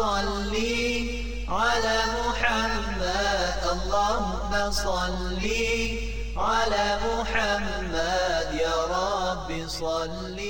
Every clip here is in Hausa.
صل على محمد اللهم صل على محمد يا رب صلِّ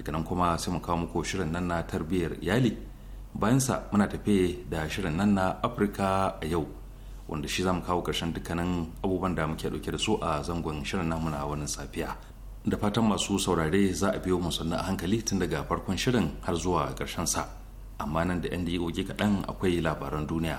daga nan kuma sai mu kawo muku shirin nan na tarbiyyar iyali bayansa muna tafe da shirin nan na afirka a yau wanda shi za mu kawo karshen dukkanin abubuwan da muke dauke da su a zangon shirin namu na wannan safiya da fatan masu saurare za a biyo mu sannu a hankali tun daga farkon shirin har zuwa karshen sa amma nan da 'yan da kaɗan akwai labaran duniya.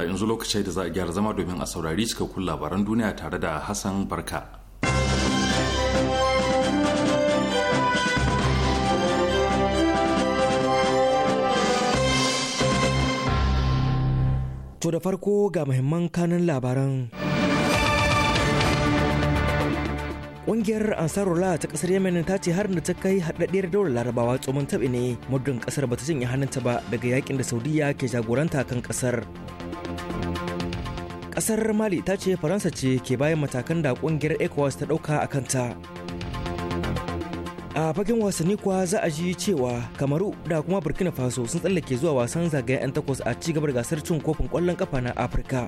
Abdullahi yanzu lokacin da za a gyara zama domin a saurari cikakkun labaran duniya tare da hassan barka to da farko ga muhimman kanin labaran Ƙungiyar ansarola ta ƙasar Yemen ta ce harin da ta kai haɗaɗɗiyar daular larabawa tsohon taɓi ne muddin ƙasar bata janye hannunta ba daga yakin da Saudiya ke jagoranta kan ƙasar. kasar mali ta ce faransa ce ke bayan matakan da kungiyar ecowas ta dauka a kanta a fagen wasanni kuwa za a ji cewa kamaru da kuma burkina faso sun tsallake zuwa wasan zagayen 'yan takwas a cigabar gasar cin kofin kwallon kafa na afirka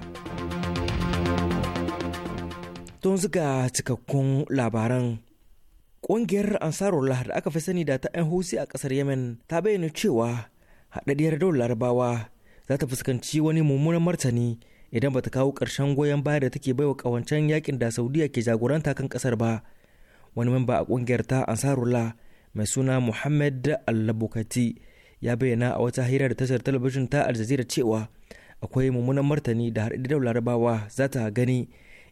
don zuga cikakkun labaran ƙungiyar ansarullah da aka fi sani da ta 'yan husi a kasar yemen ta bayyana cewa haɗaɗɗiyar dole larabawa za ta fuskanci wani mummunan martani idan bata kawo ƙarshen goyon baya da take baiwa ƙawancen yakin da saudiya ke jagoranta kan ƙasar ba wani mamba a ƙungiyar ta ansarullah mai suna muhammad al ya bayyana a wata hira da tashar talabijin ta aljazeera cewa akwai mummunan martani da har da larabawa za ta gani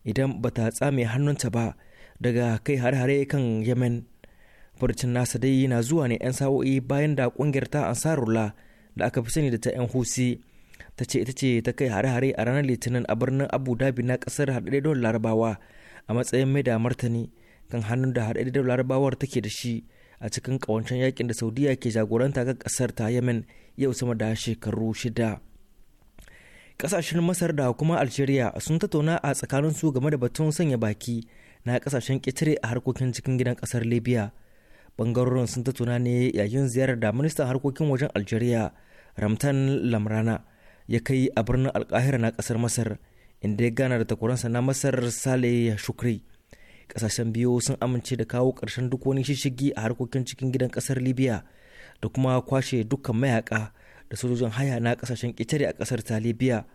idan bata tsame hannunta ba daga kai har-hare kan yemen furcin nasa dai na zuwa ne 'yan sa'o'i bayan da kungiyar ta ansarullah da aka fi sani da ta 'yan husi ta ce ita ce ta kai hare-hare a ranar litinin a birnin abu dhabi na kasar haɗaɗɗen larabawa a matsayin mai da martani kan hannun da haɗaɗɗen larabawar take da shi a cikin ƙawancen yakin da saudiya ke jagoranta ga kasar ta yemen yau sama da shekaru shida kasashen masar da kuma algeria sun tattauna a tsakanin su game da batun sanya baki na kasashen ƙetare a harkokin cikin gidan kasar libya bangarorin sun tattauna ne yayin ziyarar da ministan harkokin wajen algeria ramtan lamrana ya kai a birnin alkahira na kasar masar inda ya gana da takwaransa na masar sale shukri kasashen biyu sun amince da kawo ƙarshen duk wani shishigi a harkokin cikin gidan kasar libya da kuma kwashe dukkan mayaka da sojojin haya na kasashen ƙetare a kasar ta libya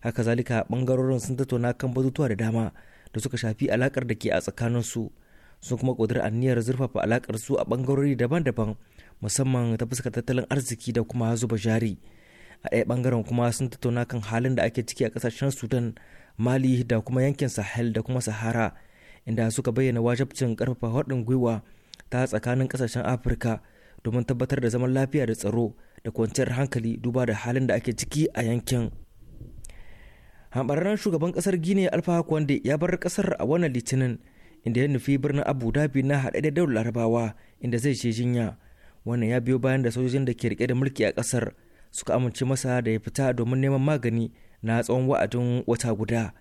haka zalika bangarorin sun tattauna kan batutuwa da dama da suka shafi alakar da ke a tsakanin su sun kuma ƙudiri aniyar zurfafa alakar su a bangarori daban-daban musamman ta fuskar tattalin arziki da kuma zuba jari a ɗaya bangaren kuma sun tattauna kan halin da ake ciki a kasashen sudan mali da kuma yankin sahel da kuma sahara inda suka bayyana wajabcin karfafa haɗin gwiwa ta tsakanin kasashen afirka domin tabbatar da zaman lafiya da tsaro da kwanciyar hankali duba da halin da ake ciki a yankin hambararren shugaban ƙasar gine alfa ya bar kasar a wannan litinin inda ya nufi birnin abu dhabi na haɗaɗɗen daular larabawa inda zai je jinya wannan ya biyo bayan da sojojin da ke rike da mulki a kasar suka amince masa da ya fita domin neman magani na tsawon wa'adin wata guda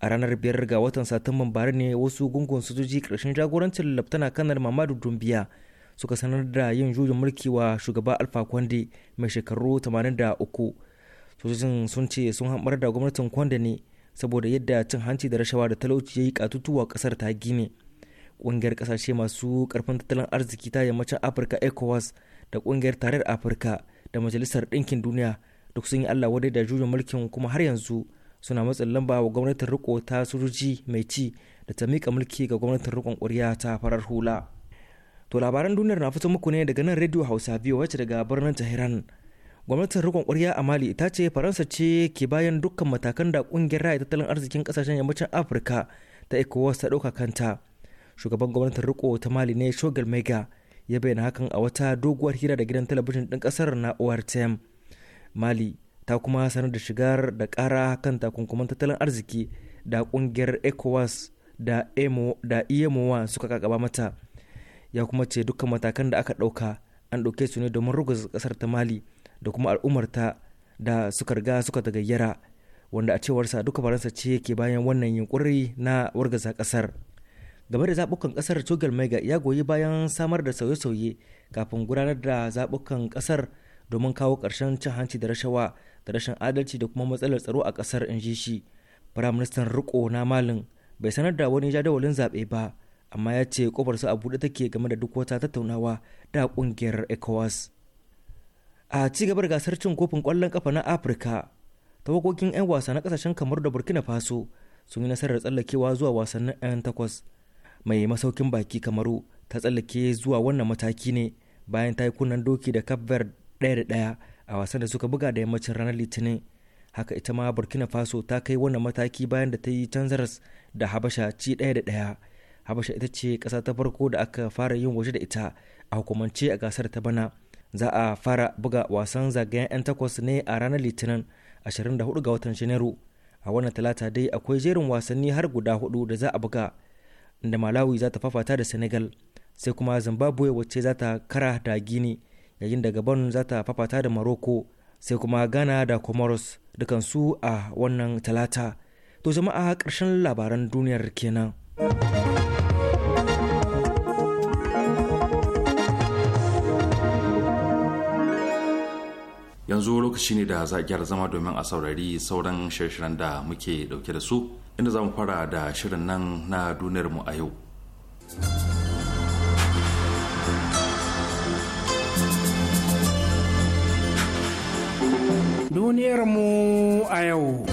a ranar biyar ga watan satumban bara ne wasu gungun sojoji ƙarshen jagorancin laftana kanar mamadu dumbiya suka sanar da yin juyin mulki wa shugaba alfa kwande mai shekaru 83 sojojin sun ce sun hamar da gwamnatin kwande ne saboda yadda cin hanci da rashawa da talauci ya yi katutuwa kasar ta gine ƙungiyar kasashe masu ƙarfin tattalin arziki ta yammacin afirka ecowas da ƙungiyar tarayyar afirka da majalisar ɗinkin duniya duk sun yi allah wadai da juyin mulkin kuma har yanzu suna matsin lamba wa gwamnatin riko ta sojoji mai ci da ta miƙa mulki ga gwamnatin rikon ƙwarya ta farar hula to labaran duniyar na fito muku ne daga nan rediyo hausa biyu wacce daga birnin tehran gwamnatin rikon ƙwarya a mali ta ce faransa ce ke bayan dukkan matakan da ƙungiyar raya tattalin arzikin ƙasashen yammacin afirka ta ecowas ta ɗauka kanta shugaban gwamnatin riko ta mali ne shogal mega ya bayyana hakan a wata doguwar hira da gidan talabijin ɗin ƙasar na ortm mali ta kuma sanar da shigar da ƙara kan takunkuman tattalin arziki da ƙungiyar ecowas da emo da e suka kakaba mata ya kuma ce dukkan matakan da aka ɗauka an ɗauke su ne domin ruguza kasar ta mali da kuma al'ummarta da suka riga suka ta tagayyara wanda a cewarsa duka faransa ce ke bayan wannan yunkuri na wargaza ƙasar game da zaɓukan ƙasar Chogal Mega ya goyi bayan samar da sauye-sauye kafin gudanar da zabukan kasar domin kawo ƙarshen cin hanci da rashawa da rashin adalci da kuma matsalar tsaro a kasar in ji shi. Firaministan Riko na Malin bai sanar da wani jadawalin zaɓe ba amma ya ce ƙofarsa a buɗe take game da duk wata tattaunawa da ƙungiyar ECOWAS. a ci gaba da gasar cin kofin kwallon kafa na afirka tawagogin 'yan wasa na kasashen kamar da burkina faso sun yi nasarar tsallakewa zuwa wasannin 'yan takwas mai masaukin baki kamaru ta tsallake zuwa wannan mataki ne bayan ta yi kunnan doki da kabbar ɗaya da ɗaya a wasan da suka buga da yammacin ranar litinin haka ita ma burkina faso ta kai wannan mataki bayan da ta yi canzaras da habasha ci ɗaya da ɗaya habasha ita ce ƙasa ta farko da aka fara yin waje da ita a hukumance a gasar ta bana za a fara buga wasan zagayen 'yan takwas ne a ranar litinin 24 ga watan janairu a wannan talata dai akwai jerin wasanni har guda hudu da za a buga inda malawi za ta fafata da senegal sai kuma zimbabwe wacce za ta kara da gini yayin da gabon za ta fafata da morocco sai kuma ghana da comoros su a wannan talata to jama'a ƙarshen labaran duniyar kenan. yanzu lokaci ne da za a gyara zama domin a saurari sauran shirye-shiryen da muke dauke da su inda za mu fara da shirin nan na duniyar mu a yau duniyar mu a yau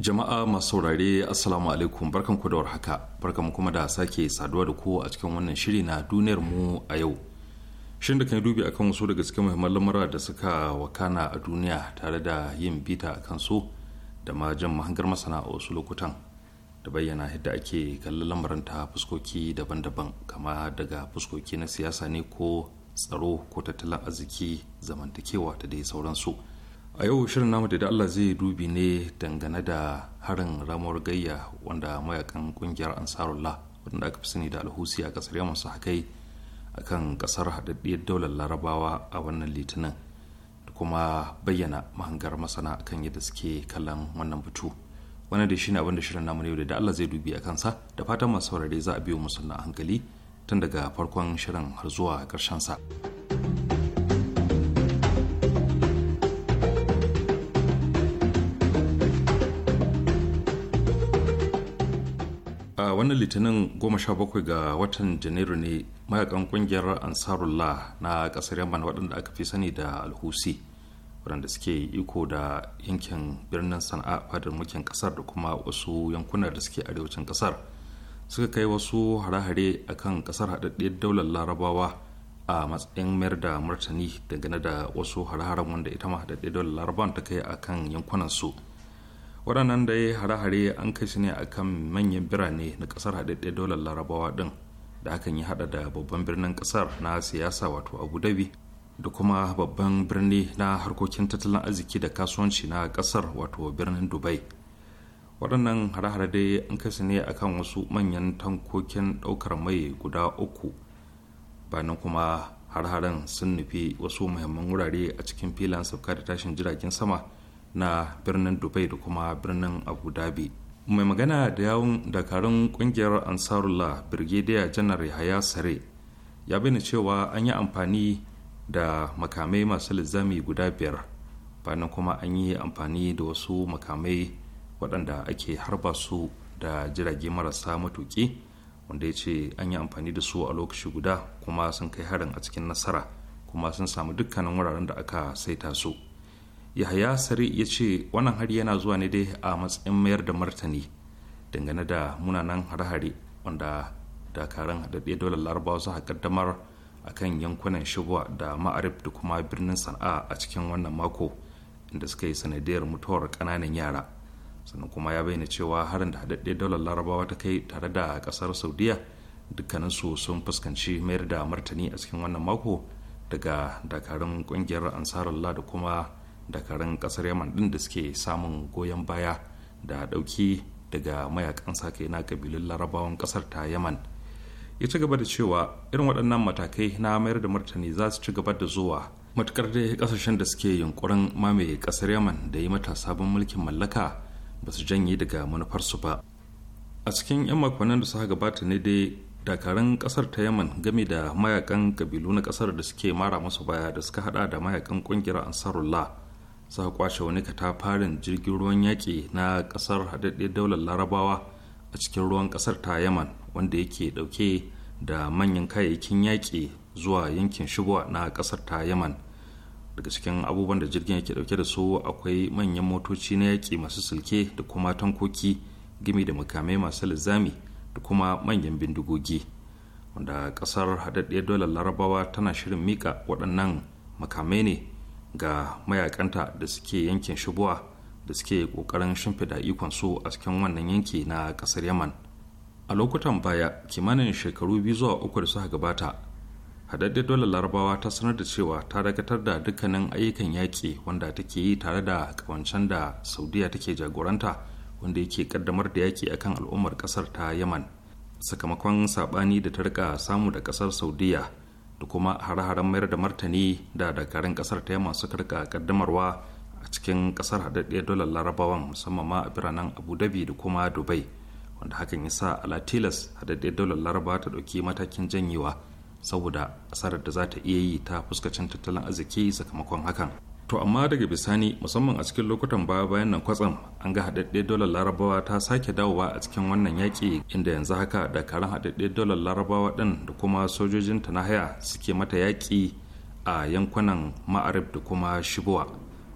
jama'a masu saurare assalamu alaikum barkanku da warhaka barkanku kuma da sake saduwa da ku a cikin wannan shiri na duniyar mu a yau shin da kan dubi akan wasu daga cikin muhimman lamura da suka wakana a duniya tare da yin bita a kansu da ma jan mahangar masana a wasu lokutan da bayyana yadda ake kallon lamarin ta fuskoki daban-daban kama daga fuskoki na siyasa ne ko tsaro ko tattalin arziki zamantakewa da dai sauransu a yau shirin namu da Allah zai dubi ne dangane da harin ramuwar gayya wanda mayakan kungiyar ansarullah wanda aka fi sani da alhusi a kasar yamma su hakai akan kasar haɗaɗɗiyar daular larabawa a wannan litinin da kuma bayyana mahangar masana kan yadda suke kallon wannan batu wannan da shi shine abinda shirin namu yau da Allah zai dubi a kansa da fatan masu saurare za a biyo musu na hankali tun daga farkon shirin har zuwa karshen sa. a wannan litinin goma sha bakwai ga watan janairu ne mayakan kungiyar ansarullah na kasar yamman waɗanda aka fi sani da alhusi waɗanda suke iko da yankin birnin sana'a fadar mulkin kasar da kuma wasu yankunan da suke arewacin kasar suka kai wasu hare-hare a kan kasar haɗaɗɗiyar daular larabawa a matsayin mayar da martani dangane da wasu hare-haren wanda ita ma haɗaɗɗiyar daular larabawan ta kai a kan yankunan su waɗannan da hare-hare an kai shi ne a kan manyan birane na kasar haɗaɗɗiyar daular larabawa ɗin da hakan ya hada da babban birnin kasar na siyasa wato abu dhabi da kuma babban birni na harkokin tattalin arziki da kasuwanci na kasar wato birnin dubai waɗannan hare-hare dai an kai su ne akan wasu manyan tankokin ɗaukar mai guda uku bayan kuma har-haren sun nufi wasu muhimman wurare a cikin filan sauka da tashin jiragen sama na birnin dubai da kuma birnin abu dhabi mai magana da yawon dakarun kungiyar ansarullah birgediya janar yahaya sare ya bayyana cewa an yi amfani da makamai masu lizami guda biyar bayan kuma an yi amfani da wasu makamai waɗanda ake harba su da jirage marasa matuƙi wanda ya ce an yi amfani da su a lokaci guda kuma sun kai harin a cikin nasara kuma sun samu dukkanin wuraren da aka saita su yahaya sari ya ce wannan hari yana zuwa ne dai a matsayin mayar da martani dangane da munanan hare-hare wanda dakarun haɗaɗɗe dole larabawa su kaddamar a kan yankunan shigowa da ma'arif da kuma birnin sana'a a cikin wannan mako inda suka yi sanadiyar mutuwar ƙananan yara sannan kuma ya bayyana cewa harin da haɗaɗɗe daular larabawa ta kai tare da ƙasar saudiya dukkaninsu sun fuskanci mayar da martani a cikin wannan mako daga dakarun ƙungiyar ansarallah da kuma dakarun kasar yaman din da suke samun goyon baya da dauki daga mayakan sake na kabilun larabawan kasar ta yaman ya ci gaba da cewa irin waɗannan matakai na mayar da martani za su ci gaba da zuwa matukar dai kasashen da suke yunkurin mamaye kasar yaman da yi mata sabon mulkin mallaka ba su janye daga manufarsu ba a cikin 'yan makonnin da suka gabata ne dai dakarun kasar ta yaman game da mayakan kabilu na kasar da suke mara musu baya da suka hada da mayakan kungiyar ansarullah sa kwace wani katafarin jirgin ruwan yaƙi na ƙasar haɗaɗɗen daular larabawa a cikin ruwan ƙasar ta yaman wanda yake ɗauke da manyan kayayyakin yaƙi zuwa yankin shigowa na ƙasar ta yaman daga cikin abubuwan da jirgin yake ɗauke da su akwai manyan motoci na yaƙi masu silke da kuma tankoki gimi da makamai masu lizami da kuma manyan bindigogi wanda ƙasar haɗaɗɗiyar daular larabawa tana shirin mika waɗannan makamai ne ga mayakanta da suke yankin shibuwa da suke kokarin ikon su a cikin wannan yanki na ƙasar yaman a lokutan baya kimanin shekaru biyu zuwa uku da suka gabata haɗaɗɗe dole larabawa ta sanar da cewa ta dakatar da dukkanin ayyukan yaƙi wanda take yi tare da ƙawancen da saudiya take jagoranta wanda yake ƙaddamar da yaƙi akan al'ummar ƙasar ta yaman sakamakon saɓani da ta rika samu da ƙasar saudiya da kuma hare-haren mayar da martani da dakarun kasar ta yamma masu karka kaddamarwa a cikin kasar haɗaɗɗiyar dolar larabawan musamman ma a biranen abu dhabi da kuma dubai wanda hakan ya sa a tilas haɗaɗɗiyar dolar larabawa ta ɗauki matakin janyewa saboda asarar da za ta iya yi ta fuskacin tattalin arziki sakamakon hakan to amma daga bisani musamman a cikin lokutan baya bayan nan kwatsam an ga haɗaɗɗe dolar larabawa ta sake dawowa a cikin wannan yaƙi inda yanzu haka dakarun haɗaɗɗe dolar larabawa ɗin da kuma sojojin ta haya suke mata yaƙi a yankunan ma'arib da kuma shibuwa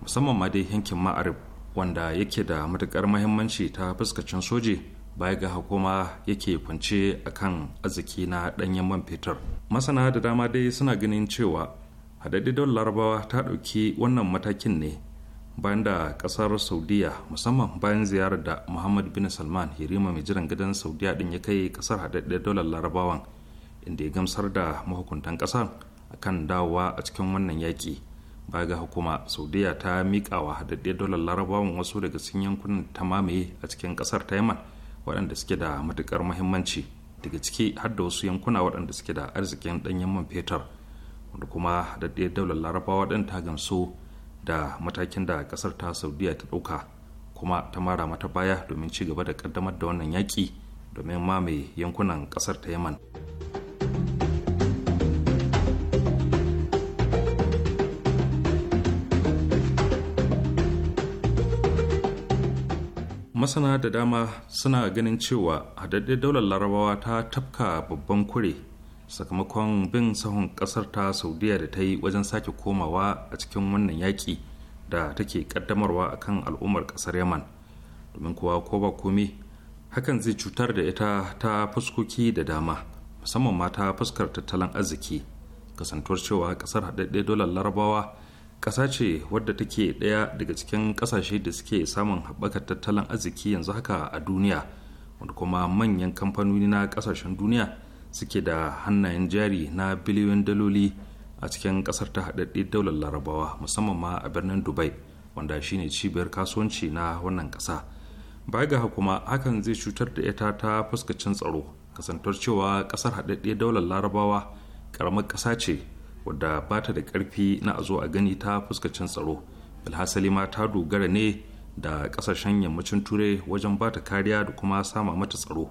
musamman ma dai yankin ma'arib wanda yake da matuƙar mahimmanci ta fuskacin soji baya ga hukuma yake kwance akan arziki na ɗanyen man fetur masana da dama dai suna ganin cewa haɗaɗɗe don larabawa ta ɗauki wannan matakin ne bayan da ƙasar saudiya musamman bayan ziyarar da muhammad bin salman hirima mai jiran gidan saudiya din ya kai ƙasar haɗaɗɗe dolar larabawan inda ya gamsar da mahukuntan ƙasar akan dawowa a cikin wannan yaƙi baya ga hukuma saudiya ta miƙa wa haɗaɗɗe dolar larabawan wasu daga cikin yankunan ta mamaye a cikin ƙasar ta yaman waɗanda suke da matuƙar muhimmanci daga ciki har da wasu yankuna waɗanda suke da arzikin ɗanyen man fetur wanda kuma da daular larabawa ɗin ta gamsu da matakin da ƙasar ta saudiya ta ɗauka kuma ta mara mata baya domin ci gaba da ƙaddamar da wannan yaƙi domin mamaye yankunan ƙasar ta yaman masana da dama suna ganin cewa daɗe daular larabawa ta tafka babban kure sakamakon bin sahun kasar ta saudiya da ta yi wajen sake komawa a cikin wannan yaƙi da take kaddamarwa a kan al'ummar kasar yaman domin kuwa ko ba komai hakan zai cutar da ita ta fuskoki da dama musamman ma ta fuskar tattalin arziki kasantuwar cewa kasar haɗaɗɗe dolar larabawa ƙasa ce wadda take ɗaya daga cikin ƙasashe da suke samun haɓakar tattalin arziki yanzu haka a duniya wanda kuma manyan kamfanoni na ƙasashen duniya suke da hannayen jari na biliyoyin daloli a cikin kasar ta haɗaɗɗe daular larabawa musamman ma a birnin dubai wanda shine cibiyar kasuwanci na wannan ƙasa baya ga kuma hakan zai cutar da ita ta fuskacin tsaro kasantar cewa ƙasar haɗaɗɗe daular larabawa ƙaramar ƙasa ce wadda ba ta da ƙarfi na a zo a gani ta fuskacin tsaro bilhassali ma ta dogara ne da ƙasashen yammacin turai wajen ba ta kariya da kuma sama mata tsaro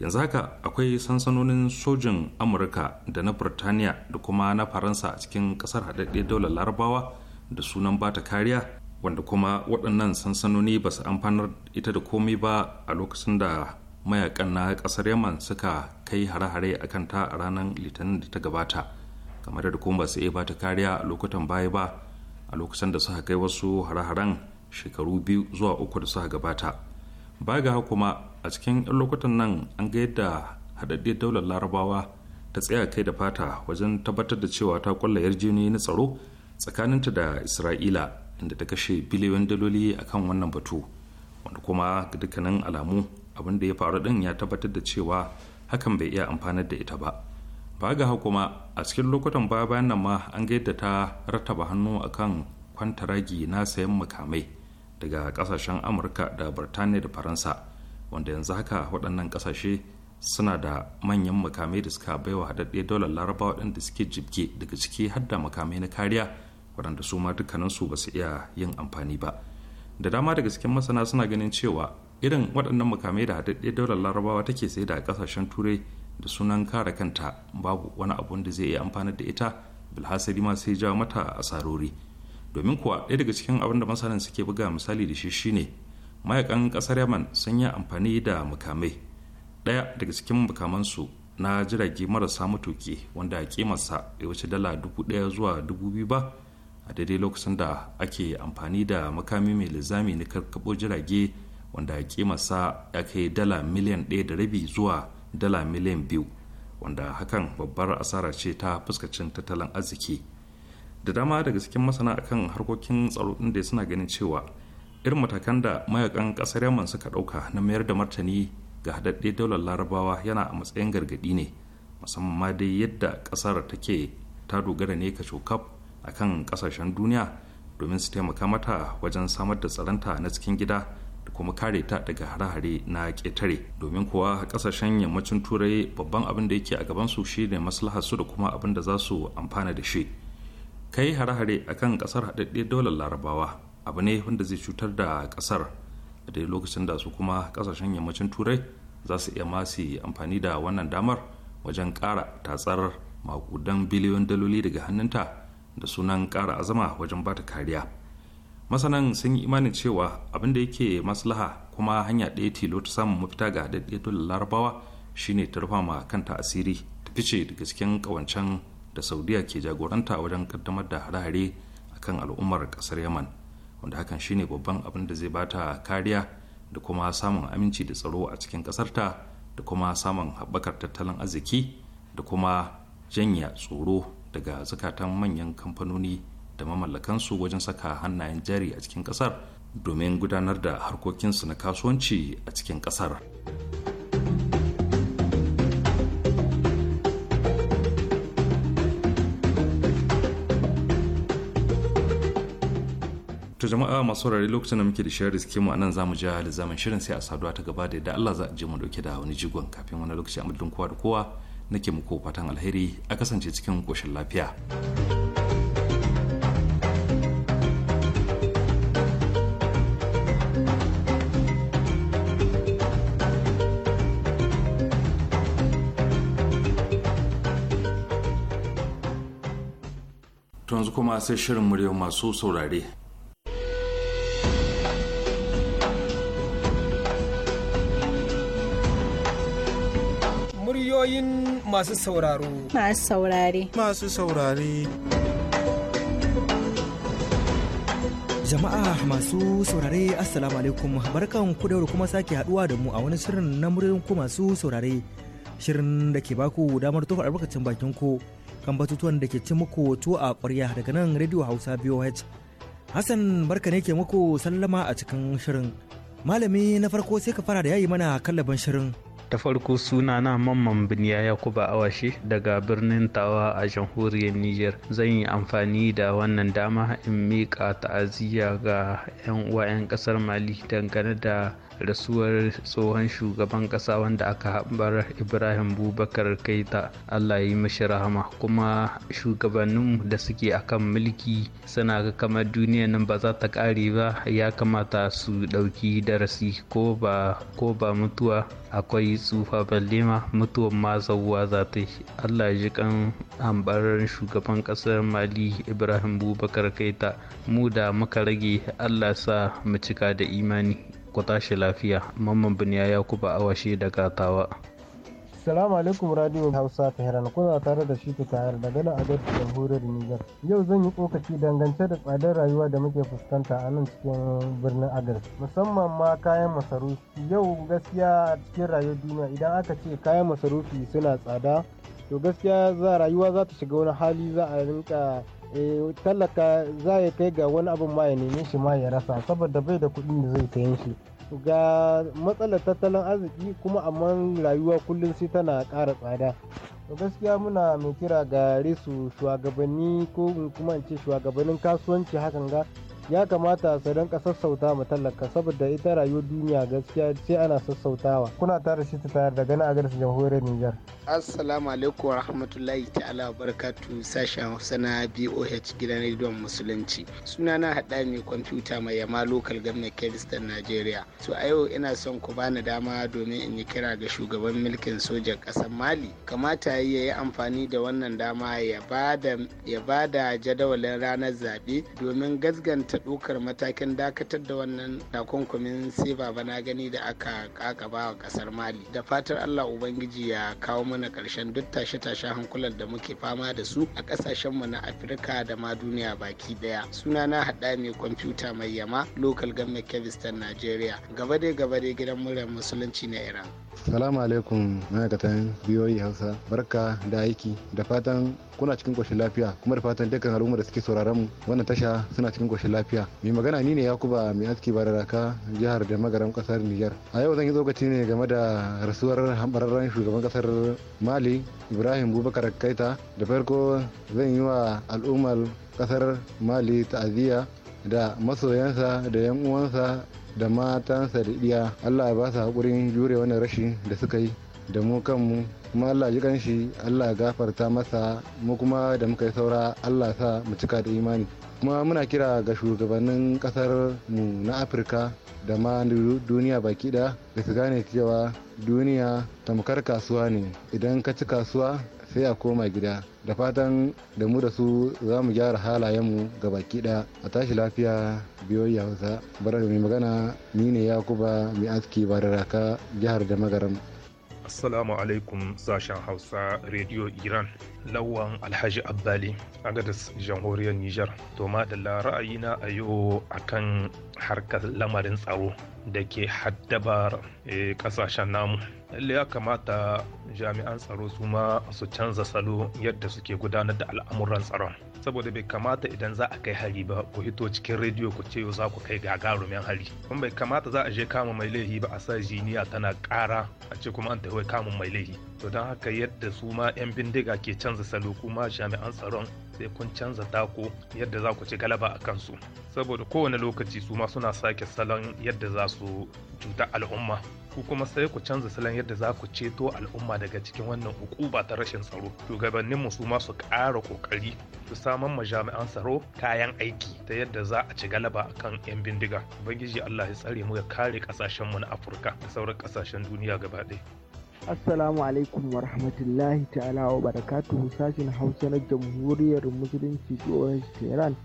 yanzu haka akwai sansanonin sojin amurka da na burtaniya da kuma na faransa cikin kasar haɗaɗɗe daular larabawa da sunan bata kariya wanda kuma waɗannan sansanoni ba su amfanar ita da komai ba a lokacin da mayakan na ƙasar yaman suka kai hare-hare a kan ta a ranar litinin da ta gabata kamar da kuma ba su iya bata kariya a lokutan baya ba a lokacin da suka kai wasu hare-haren shekaru biyu zuwa uku da suka gabata ba ga kuma a cikin 'yan lokutan nan an ga yadda haɗaɗɗe daular larabawa ta tsaya kai da fata wajen tabbatar da cewa ta kwalla yarjejeniyoyi na tsaro tsakaninta da isra'ila inda ta kashe biliyoyin daloli akan wannan batu wanda kuma ga dukkanin alamu abin da ya faru din ya tabbatar da cewa hakan bai iya amfanar da ita ba ba ga kuma a cikin lokutan baya bayan nan ma an ga yadda ta rataba hannu akan kwantaragi na sayan makamai daga kasashen amurka da birtaniya da faransa wanda yanzu haka waɗannan kasashe suna da manyan makamai da suka baiwa haɗaɗɗe daular larabawa waɗanda suke jibge daga ciki har da makamai na kariya waɗanda su ma dukkaninsu ba su iya yin amfani ba da dama daga cikin masana suna ganin cewa irin waɗannan makamai da haɗaɗɗe daular larabawa take sai da kasashen turai da sunan kare kanta babu wani abun da zai iya amfanar da ita bilhassari ma sai jawo mata sarori. domin kuwa ɗaya daga cikin abin da masanan suke buga misali da shi shine mayakan ƙasar yaman sun yi amfani da mukamai ɗaya daga cikin mukamansu na jirage marasa matuki wanda masa ya wuce dala dubu ɗaya zuwa dubu biyu ba a daidai lokacin da ake amfani da makami mai lizami na karkabo jirage wanda masa ya kai dala miliyan ɗaya da rabi zuwa dala miliyan biyu wanda hakan babbar asara ce ta fuskacin tattalin arziki da dama daga cikin masana akan harkokin tsaro inda suna ganin cewa irin matakan da mayakan kasar yaman suka dauka na mayar da martani ga haɗaɗɗe daular larabawa yana a matsayin gargaɗi ne musamman ma dai yadda ƙasar take ta dogara ne ka cokaf a kan ƙasashen duniya domin su taimaka mata wajen samar da tsaronta na cikin gida da kuma kare ta daga hare-hare na ƙetare domin kuwa ƙasashen yammacin turai babban abin da yake a gabansu shi ne maslahar su da kuma abin da za su amfana da shi kai hare-hare a kan kasar haɗaɗɗe daular larabawa abu ne wanda zai cutar da kasar a dai lokacin da su kuma kasashen yammacin turai za su iya masu amfani da wannan damar wajen ƙara tatsar makudan biliyon daloli daga hannunta da sunan ƙara azama wajen bata kariya masanan sun yi imanin cewa abin da yake maslaha kuma hanya ɗaya tilo ta samun mafita ga haɗaɗɗe dole larabawa shine ta rufa ma kanta asiri ta fice daga cikin ƙawancen da saudiya ke jagoranta wajen kaddamar da hare-hare a kan al'ummar kasar yaman wanda hakan shine babban abin da zai bata kariya da kuma samun aminci da tsaro a cikin kasarta da kuma samun haɓakar tattalin arziki da kuma janya tsoro daga zukatan manyan kamfanoni da mamallakansu wajen saka hannayen jari a cikin kasar domin gudanar da harkokinsu na kasuwanci a cikin kasar. to jama'a masu saurare lokacin da muke da shirin riske mu anan zamu ja zaman shirin sai a saduwa ta gaba da yadda Allah za a je mu dauke da wani jigon kafin wani lokaci a madadin kowa da kowa nake muku fatan alheri a kasance cikin koshin lafiya. yanzu kuma sai shirin murya masu saurare Ra'ayoyin masu sauraro. Masu saurare. Masu saurare. Jama'a masu saurare Assalamu alaikum barkan ku da kuma sake haduwa da mu a wani shirin na muryoyin ku masu saurare. Shirin da ke baku damar tofa albarkacin bakin ku kan batutuwan da ke ci muku tuwo a ƙwarya daga nan Radio Hausa BOH. Hassan barka ne ke muku sallama a cikin shirin. Malami na farko sai ka fara da yayi mana kallaban shirin. da farko suna na mamman biniya yakuba awashe daga birnin tawa a jamhuriyar niger zan yi amfani da wannan dama in miƙa ta'aziyya ga 'yan uwa 'yan ƙasar mali dangane da rasuwar tsohon shugaban ƙasa wanda aka haɓar ibrahim bubakar kaita allah yi mashi rahama kuma shugabanninmu da suke akan mulki suna ga kamar duniya nan ba za ta ƙare ba ya kamata su ɗauki darasi ko ba ko ba mutuwa akwai tsufa balle ma mutuwan ma zauwa za ta yi allah ji kan ambarar shugaban ƙasar mali ibrahim bubakar kaita mu da muka rage allah sa mu cika da imani ku tashi lafiya mamman biniya ya kuba awashi daga tawa Salamu alaikum Radio Hausa Tehran kuna tare da shi tayar daga nan Agar Jamhuriyar Nijar. Yau zan yi kokaci dangance da tsadar rayuwa da muke fuskanta a nan cikin birnin Agar. Musamman ma kayan masarufi. Yau gaskiya cikin rayuwar duniya idan aka ce kayan masarufi suna tsada to gaskiya za rayuwa za ta shiga wani hali za a rinka Eh, talaka za ya kai ga wani abin ma ya neme shi ma ya rasa saboda bai da kuɗin da zai sayan shi ga matsalar tattalin arziki kuma amma rayuwa kullum sai tana ƙara tsada to gaskiya muna mai kira ga resu shugabanni ko kuma in ce shugabannin kasuwanci hakan ga ya kamata su ka sassauta ma tallaka saboda ita rayuwar duniya gaskiya ce ana sassautawa kuna tare shi ta tayar daga nan a garsa jamhuriyar Nijar assalamu alaikum warahmatullahi ta'ala barakatu sashen Hausa na BOH gidan rediyon musulunci suna na hada mai kwamfuta mai yama local government Kyrgyzstan nigeria so a yau ina son ku bani dama domin in yi kira ga shugaban mulkin sojan ƙasar Mali kamata yayi yi amfani da wannan dama ya ba da jadawalin ranar zabe domin gasganta ta ɗaukar matakin dakatar da wannan takunkumin sai baba na gani da aka kakaba wa ƙasar mali da fatar allah ubangiji ya kawo mana ƙarshen duk tashe-tashen hankulan da muke fama da su a mu na afirka da ma duniya baki ɗaya suna na hada mai kwamfuta mai yama local government kevistan nigeria gaba dai gaba dai gidan muryar musulunci na iran salamu alaikum ma'aikatan biyoyi hausa barka da aiki da fatan kuna cikin koshin lafiya kuma da fatan dukkan al'umma da suke sauraron wannan tasha suna cikin koshin lafiya mai magana ni ne yakuba mai aski bararaka jihar da magaran kasar niger a yau zan yi tsokaci ne game da rasuwar hambararren shugaban kasar mali ibrahim bubakar kaita da farko zan yi wa al'ummar kasar mali ta'aziyya da masoyansa da yan uwansa da matansa da Allah ya ba su haƙurin jure wannan rashi da suka yi da mu kanmu kuma Allah ji kanshi Allah gafarta masa mu kuma da muka yi saura Allah sa mu cika da imani kuma muna kira ga shugabannin kasar mu na Afirka da ma duniya baki da da su gane cewa duniya tamkar kasuwa ne idan ka ci kasuwa sai a koma gida da fatan da mu da su za mu gyara halayenmu ga baki ɗaya a tashi lafiya biyoyi hausa bara mai magana ni ne yakuba mai aski ba da raka jihar da magaram Assalamu alaikum sashen Hausa Radio Iran. Lawan Alhaji Abbali a gadas jamhuriyar Nijar. To ma da ra'ayina a yau akan harkar lamarin tsaro da ke haddabar kasashen eh, namu. Lalle ya kamata jami'an tsaro su ma su canza salo yadda suke gudanar da al'amuran tsaron. saboda bai kamata idan za a kai hari ba ku hito cikin rediyo ku ce za ku kai gagarumin hari kuma bai kamata za a je kama mai laihi ba a sa jiniya tana kara a ce kuma an tafi kama mai laihi to don haka yadda su ma 'yan bindiga ke canza salo kuma jami'an tsaron sai kun canza tako yadda za ku ci galaba a kansu saboda kowane lokaci su ma suna sake salon yadda za su cuta al'umma ku kuma sai ku canza salon yadda za ku ceto al'umma daga cikin wannan uku ba ta rashin tsaro shugabannin mu su ma su ƙara kokari su samar ma jami'an tsaro kayan aiki ta yadda za a ci galaba kan yan bindiga ubangiji Allah ya tsare mu ya kare kasashen mu na Afirka da sauran kasashen duniya gaba ɗaya Assalamu alaikum wa rahmatullahi ta'ala wa barakatuhu sashen Hausa na Jamhuriyar Musulunci Tsohon Tehran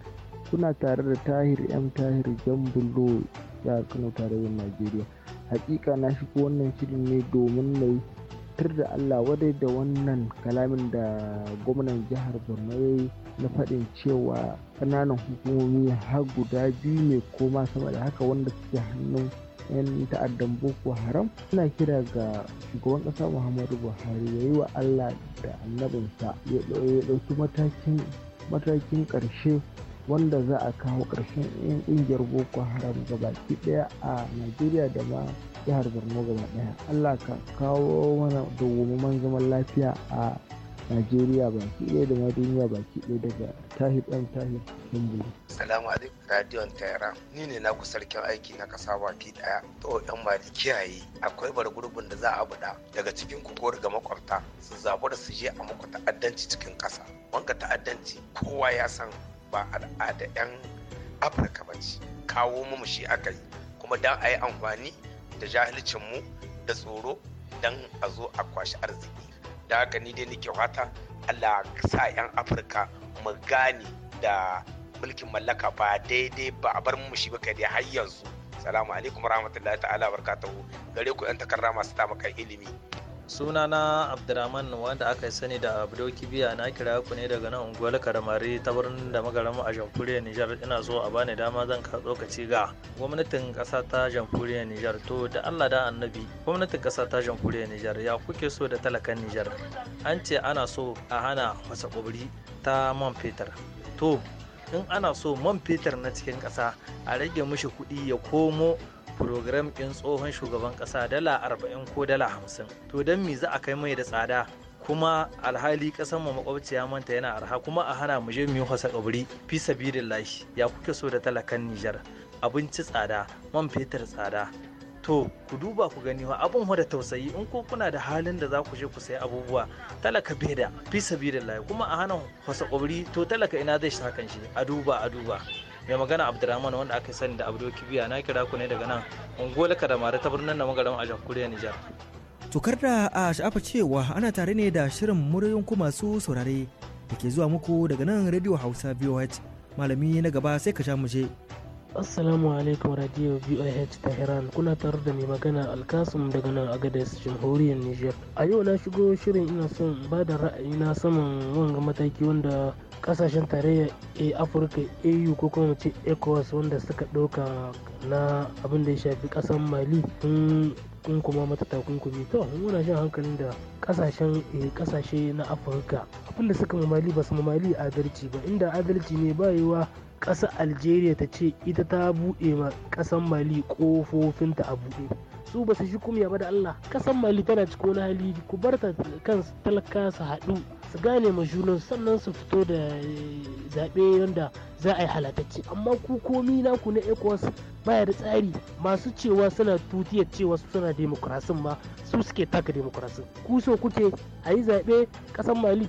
kuna tare da Tahir M Tahir Jambulo jihar kano tarayyar najeriya hakika na shigo wannan shirin ne domin na yi tur da allah wadai da wannan kalamin da gwamnan jihar borno ya yi na faɗin cewa ƙananan hukumomi har guda biyu ne ko ma sama da haka wanda suke hannun 'yan ta'addan boko haram ina kira ga shugaban ƙasa muhammadu buhari ya yi wa allah da annabinsa ya ɗauki matakin matakin ƙarshe wanda za a kawo ƙarshen 'yan ƙungiyar boko haram baki ɗaya a najeriya da ma jihar borno gaba ɗaya allah ka kawo mana dawwammamen zaman lafiya a Najeriya baki ɗaya da ma duniya baki ɗaya daga tahir ɗan tahir Kumburi. Salamu alaikum radiyon tayara Ni ne naku sarkin aiki na kasa baki ɗaya. To ɗan da kiyaye akwai bargurbin da za a buɗa daga cikin kogowar ga makwabta su zaɓi da su je a muku ta'addanci cikin ƙasa. Wanga ta'addanci kowa ya san ba al'ada 'yan afirka ba ce kawo mu shi aka yi kuma don a yi amfani da jahilcinmu da tsoro don a zo a kwashi arziki da haka ni dai nake fata allah sa 'yan afirka mu gane da mulkin mallaka ba daidai ba a bar mu shi ba kai dai har yanzu salamu alaikum rahmatullahi ta'ala barkatahu gare ku 'yan takarda masu ta ilimi sunana abdurrahman wanda aka sani da abdo kibiya na kira ku ne daga nan unguwar karamari ta birnin da magaram a jamhuriyar nijar ina so a bani dama zan ka tsokaci ga gwamnatin ƙasa ta jamhuriyar nijar to da allah da annabi gwamnatin ƙasa ta jamhuriyar nijar ya kuke so da talakan nijar an ce ana so a hana wasa ƙobri ta man fetur to in ana so man fetur na cikin ƙasa a rage mishi kuɗi ya komo program ɗin tsohon shugaban ƙasa dala arba'in ko dala hamsin to don me za a kai mai da tsada kuma alhali kasan mu makwabciya manta yana arha kuma a hana mu je mu yi hasa kaburi fi sabilillahi ya kuke so da talakan Nijar abinci tsada man fetur tsada to ku duba ku gani wa abin da tausayi in ko kuna da halin da za ku je ku sayi abubuwa talaka beda fi sabilillahi kuma a hana hasa kaburi to talaka ina zai sa kan shi a duba a duba mai magana abdurrahman wanda aka sani da abdul kibiya na kira ku ne daga nan ungola kadamare ta birnin na magaran a jamhuriyar nijar tokar da a sha'afa cewa ana tare ne da shirin muryoyin ku masu saurare da ke zuwa muku daga nan radio hausa voh malami na gaba sai ka sha mu je Assalamu alaikum Radio VOH Tehran kuna tare da mai magana Alkasum daga nan Agadez jamhuriyar Nijar. A yau na shigo shirin ina son ba da ra'ayi na saman wanga mataki wanda kasashen tarayya tarayyar afirka au ko kuma ce ecowas wanda suka ɗauka na abin da ya shafi ƙasar mali kun kuma mata takunkumi to muna shan hankalin da kasashen kasashe na afirka abin da suka mamali ba su mamali adalci ba inda adalci ne ba yiwa ƙasar algeria ta ce ita ta buɗe ma ƙasar mali ƙofofinta a buɗe su ba su shi kumya ba da Allah kasan mali tana ciko na hali ku bar ta kan talaka su haɗu su gane ma junan sannan su fito da eh, zaɓe yadda za a yi halatacce amma ku komi naku na ecowas baya da tsari masu cewa suna tutiyar cewa su suna demokrasin ma su suke taka demokrasin ku so kuke a yi zaɓe ƙasar mali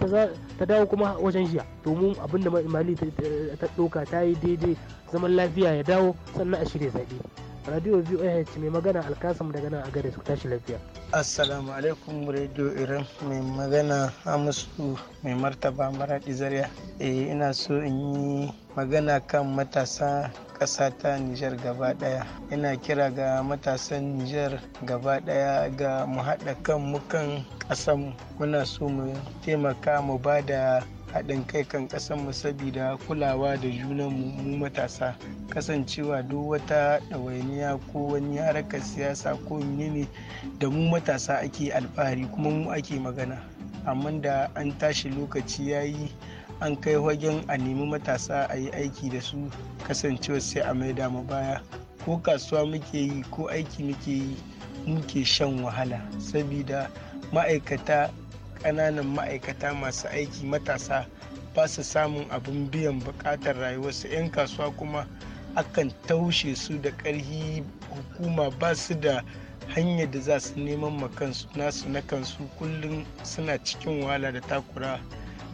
ta dawo kuma wajen jiya domin abinda mali ta ɗauka ta yi daidai zaman lafiya ya dawo sannan a shirya zaɓe radio voh mai magana alkasam daga nan a gare su tashi lafiya assalamu alaikum radio iran mai magana amusu mai martaba maraɗi zaria eh ina so in yi magana kan matasa ƙasa ta Nijar gaba ɗaya. Ina kira ga matasan Nijar gaba ɗaya ga mu haɗa kan mukan ƙasanmu. Muna so mu taimaka mu ba da haɗin kai kan ƙasanmu sabida kulawa da junanmu mu matasa kasancewa duk wata ɗawainiya ko wani harkar siyasa ko menene da mu matasa ake alfahari kuma mu ake magana amma da an tashi lokaci ya yi an kai wajen a nemi matasa a yi aiki da su kasancewa sai a maida mu baya ko kasuwa muke yi ko aiki muke yi muke shan wahala sabida ma'aikata ƙananan ma'aikata masu aiki matasa ba su samun abin biyan bukatar rayuwarsu 'yan kasuwa kuma akan taushe su da karhi hukuma ba su da hanyar da za su neman makansu nasu na kansu kullum suna cikin wahala da takura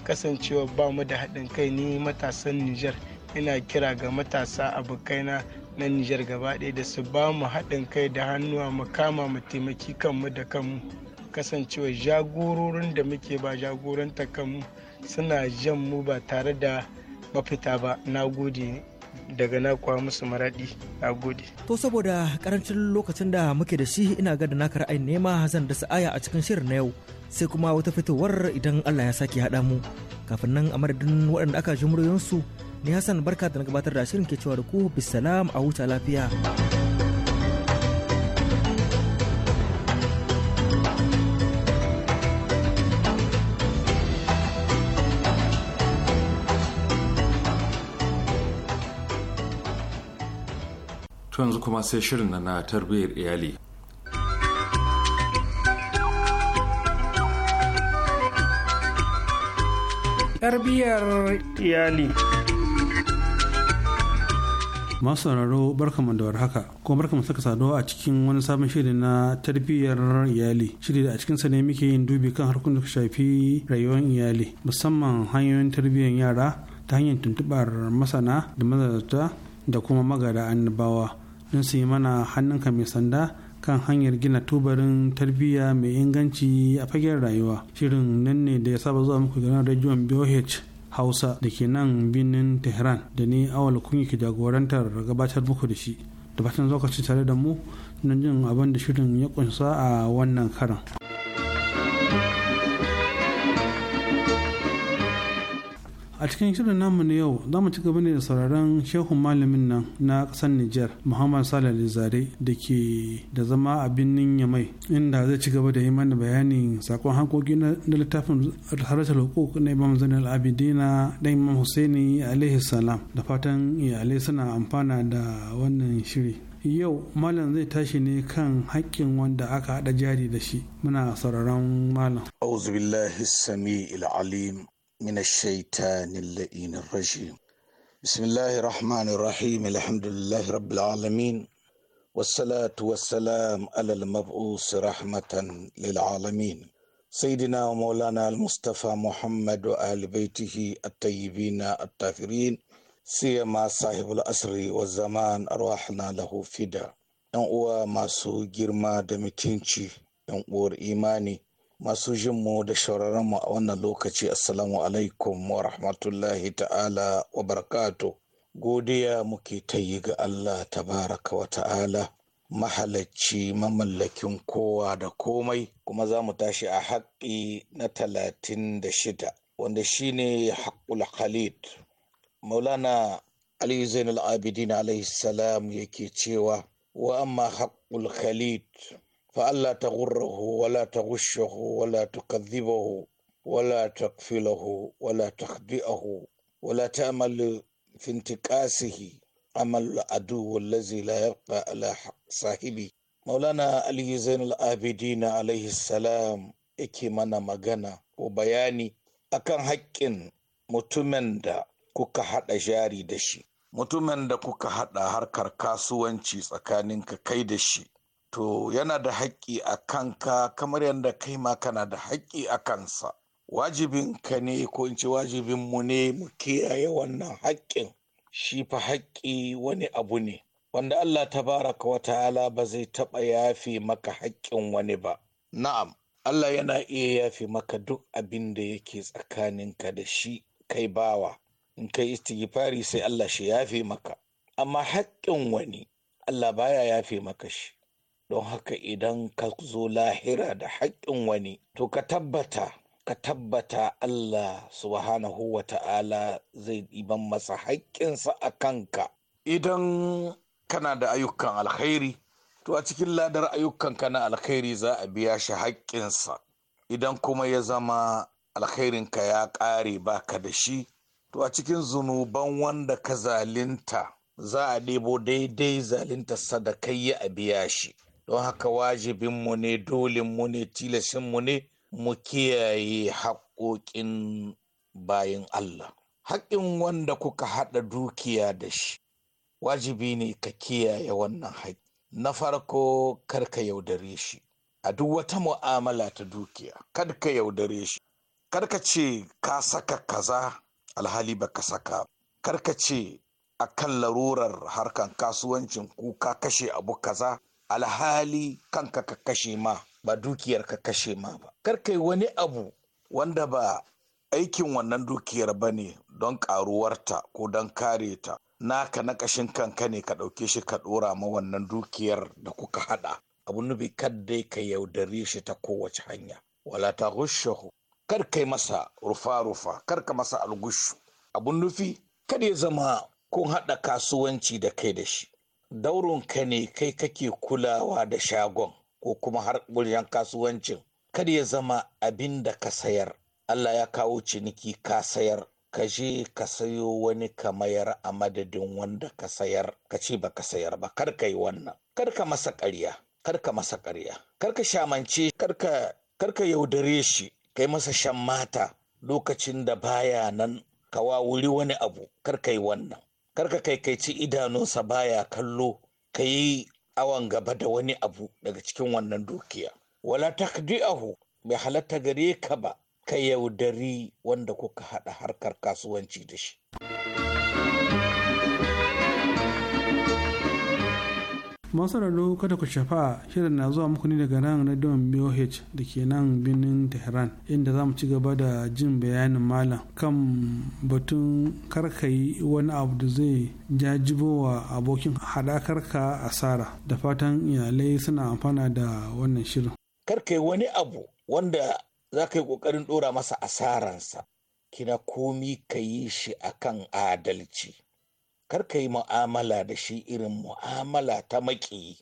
kasancewa ba mu da haɗin kai ne matasan nijar ina kira ga matasa abokaina na nijar gaba ɗaya da su ba mu haɗin kai da hannuwa mu kama mu taimaki kanmu da kanmu kasancewa jagororin da muke ba jagoranta kanmu suna jan mu ba tare da mafita ba na gode daga na kwa musu maradi na gode. To saboda karancin lokacin da muke da shi ina ga da na ra'ayin nema zan da aya a cikin shirin na yau sai kuma wata fitowar idan Allah ya sake haɗa mu kafin nan a madadin waɗanda aka ji muryoyinsu ni Hassan barka da na gabatar da shirin ke cewa da ku bisalam a huta lafiya. to yanzu kuma sai shirin na tarbiyyar iyali tarbiyyar iyali masu sauraro barkamu da warhaka ko barkamu saka saduwa a cikin wani sabon shiri na tarbiyyar iyali shiri da a cikin sa ne muke yin dubi kan harkokin da shafi rayuwar iyali musamman hanyoyin tarbiyyar yara ta hanyar tuntubar masana da mazarta da kuma magada annabawa don su yi mana hannunka mai sanda kan hanyar gina tubarin tarbiyya mai inganci a fagen rayuwa shirin nan ne da ya saba zuwa muku ganin rajiyon BOH Hausa da ke nan birnin Tehran da ni awal kunyi ke jagorantar gabatar muku da shi da fatan ci tare da mu don jin abin da shirin ya kunsa a wannan karan. a cikin shirin namu na yau za mu ci gaba ne da sauraron shehun malamin nan na ƙasar niger muhammad salih zare da ke da zama a birnin yamai inda zai ci gaba da yi mana bayanin sakon hankoki na littafin harshen hukuk na imam zainal abidina da imam husaini alaihi salam da fatan iyalai suna amfana da wannan shiri yau malam zai tashi ne kan haƙƙin wanda aka haɗa jari da shi muna sauraron malam alim من الشيطان اللئين الرجيم بسم الله الرحمن الرحيم الحمد لله رب العالمين والصلاة والسلام على المبعوث رحمة للعالمين سيدنا ومولانا المصطفى محمد وآل بيته الطيبين الطاهرين سيما صاحب الأسر والزمان أرواحنا له فدا ‘yan uwa masu girma da mutunci ‘yan uwar imani masu mu da mu a wannan lokaci assalamu alaikum wa rahmatullahi ta'ala wa barakatu godiya muke ta yi ga allah tabaraka wa ta'ala mahalarci mamallakin kowa da komai kuma za mu tashi a haƙƙi na talatin da shida wanda shine haƙƙul khalid maulana ali zainal abidin alaihi salam yake cewa wa amma haƙƙul khalid fa Allah ta gurrahu wala ta gushahu wala ta kadibahu wala ta filahu wala ta kadi'ahu wala ta amalu finti kasihi amalu adu wala zila ya ka ala Maulana Aliyu Zainul Abidina alaihi salam mana magana ko bayani akan hakkin mutumin da kuka haɗa jari da shi. Mutumin da kuka haɗa harkar kasuwanci tsakanin ka kai da shi to yana da haƙƙi a kanka kamar yadda kai ma kana da haƙƙi a kansa wajibin ka ne ko in ce wajibin mu ne mu kiyaye wannan haƙƙin shi fa haƙƙi wani abu ne wanda Allah tabaraka wa ta'ala ba zai taɓa yafe maka haƙƙin wani ba na'am Allah yana iya yafe maka duk abin da yake tsakaninka da shi kai bawa in kai istighfari sai Allah shi yafe maka amma haƙƙin wani Allah baya yafe maka shi don haka idan ka zo lahira da haƙƙin wani to ka tabbata ka tabbata Allah subhanahu wa ta'ala zai ɗiban masa haƙƙinsa a kanka idan kana da ayyukan alkhairi to a cikin ladar ayyukanka na alkhairi za a biya shi haƙƙinsa idan kuma ya zama alkhairinka ya ƙare baka da shi to a cikin zunuban wanda ka zalinta za a ɗebo daidai zalinta sadakai a biya shi don haka wajibinmu ne dolinmu ne mu ne mu kiyaye haƙoƙin bayan Allah haƙƙin wanda kuka haɗa dukiya da shi wajibi ne ka kiyaye wannan haƙƙi na farko kar ka yaudare shi a duk wata mu'amala ta dukiya kar ka yaudare shi kar ka ce ka saka kaza alhali ba ka saka kar ka ce a kan larurar harkan kasuwancin ku ka kashe abu kaza alhali kanka ka kashe ma ba dukiyar ka kashe ma ba kar wani abu wanda ba aikin wannan dukiyar ba ne don karuwarta ko don kare ta naka na kashin kanka ne ka ɗauke shi ka ɗora ma wannan dukiyar da kuka haɗa abu nufi dai ka yaudare shi ta kowace hanya wala ta gushahu kar kai masa rufa-rufa kar ka masa algushu Abu nufi kada ya zama kun haɗa kasuwanci da kai da shi Daurin ka ne kai kake kulawa da shagon ko kuma har kasuwancin kada ya zama abin da ka sayar Allah ya kawo ciniki ka sayar ka je ka sayo wani ka mayar a madadin wanda ka sayar ka ce ba ka sayar ba kar ka yi wannan kar ka masa ƙarya kar ka masa ƙarya kar ka shamance kar ka yaudare shi kai masa shan mata lokacin da baya nan ka wuri wani abu kar ka yi wannan karka kai kai ci idanunsa baya kallo ka yi awan gaba da wani abu daga cikin wannan dukiya wala takdi'ahu bai halatta gare ka ba ka yaudari wanda kuka haɗa harkar kasuwanci da shi. masu raro kada ku shafa shirin na zuwa muku ne daga nan radion boh da ke nan birnin tehran inda za mu ci gaba da jin bayanin malam kan batun karkayi wani abu da zai jajibo wa abokin haɗakarka asara da fatan iyalai suna amfana da wannan shirin karkai wani abu wanda za ka yi ƙoƙarin ɗora masa asararsa, kina komi ka yi shi akan adalci kar ka yi mu'amala da shi irin mu'amala ta maƙiyi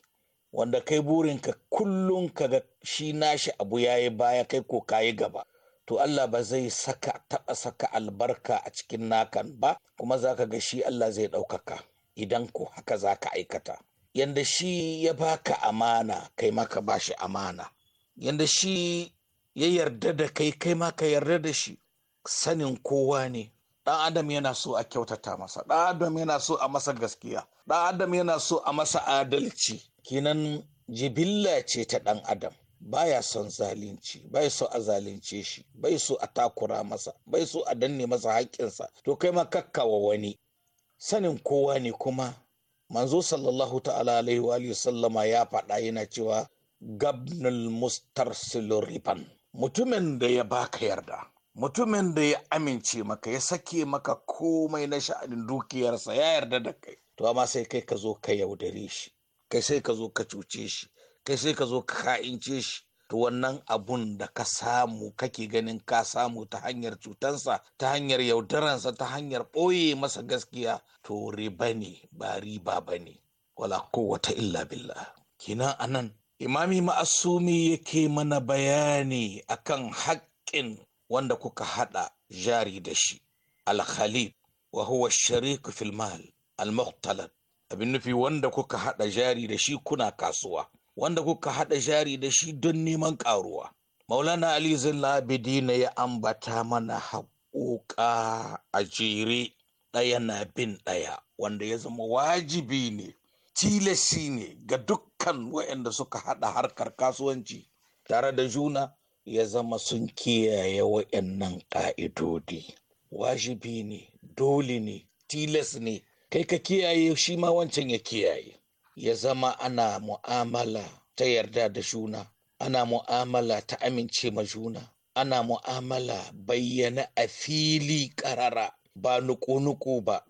wanda kai burinka kullum ka ga shi nashi abu ya yi baya kai ko ka yi gaba to Allah ba zai saka taɓa saka albarka a cikin nakan ba kuma za ka ga shi Allah zai ɗaukaka idan ko haka za ka aikata yanda shi ya baka amana kai ma ka bashi amana yanda shi ya yarda da kai kai maka yarda da shi sanin kowa ne ɗan adam yana so a kyautata masa ɗan adam yana so a masa gaskiya ɗan adam yana so a masa adalci kinan jibilla ce ta ɗan adam baya son zalunci bai so a zalunce shi bai so a takura masa bai so a danne masa haƙƙinsa to kai ma kakkawa wani sanin kowa ne kuma manzo sallallahu ta'ala alaihi wa sallama ya faɗa yana cewa gabnul mustarsilu riban mutumin da ya baka yarda mutumin da ya amince maka ya sake maka komai na sha'anin dukiyarsa ya yarda da kai to amma sai kai ka zo ka yaudare shi kai sai ka zo ka cuce shi kai sai ka zo ka ka'ince shi to wannan abun da ka samu kake ganin ka samu ta hanyar cutansa ta hanyar yaudaransa ta hanyar ɓoye masa gaskiya to riba ne ba riba ba ne wala kowata illa billah kina anan imami ma'asumi yake mana bayani akan haƙƙin wanda kuka haɗa jari da shi alkhalid wa huwa shariku fil mal al abin nufi wanda kuka haɗa jari da shi kuna kasuwa wanda kuka haɗa jari da shi don neman ƙaruwa maulana ali na ya ambata mana haƙoƙa a jere ɗaya na bin ɗaya wanda ya zama wajibi ne tilasi ne ga dukkan waɗanda suka haɗa harkar kasuwanci tare da juna ya zama sun kiyaye waɗannan ƙa'idodi. Wajibi ne, dole ne, tilas ne, kai ka kiyaye shi ma wancan ya kiyaye. Ya zama ana mu'amala ta yarda da juna, ana mu'amala ta amince ma juna, ana mu'amala bayyana a fili ƙarara ba nuku-nuku ba,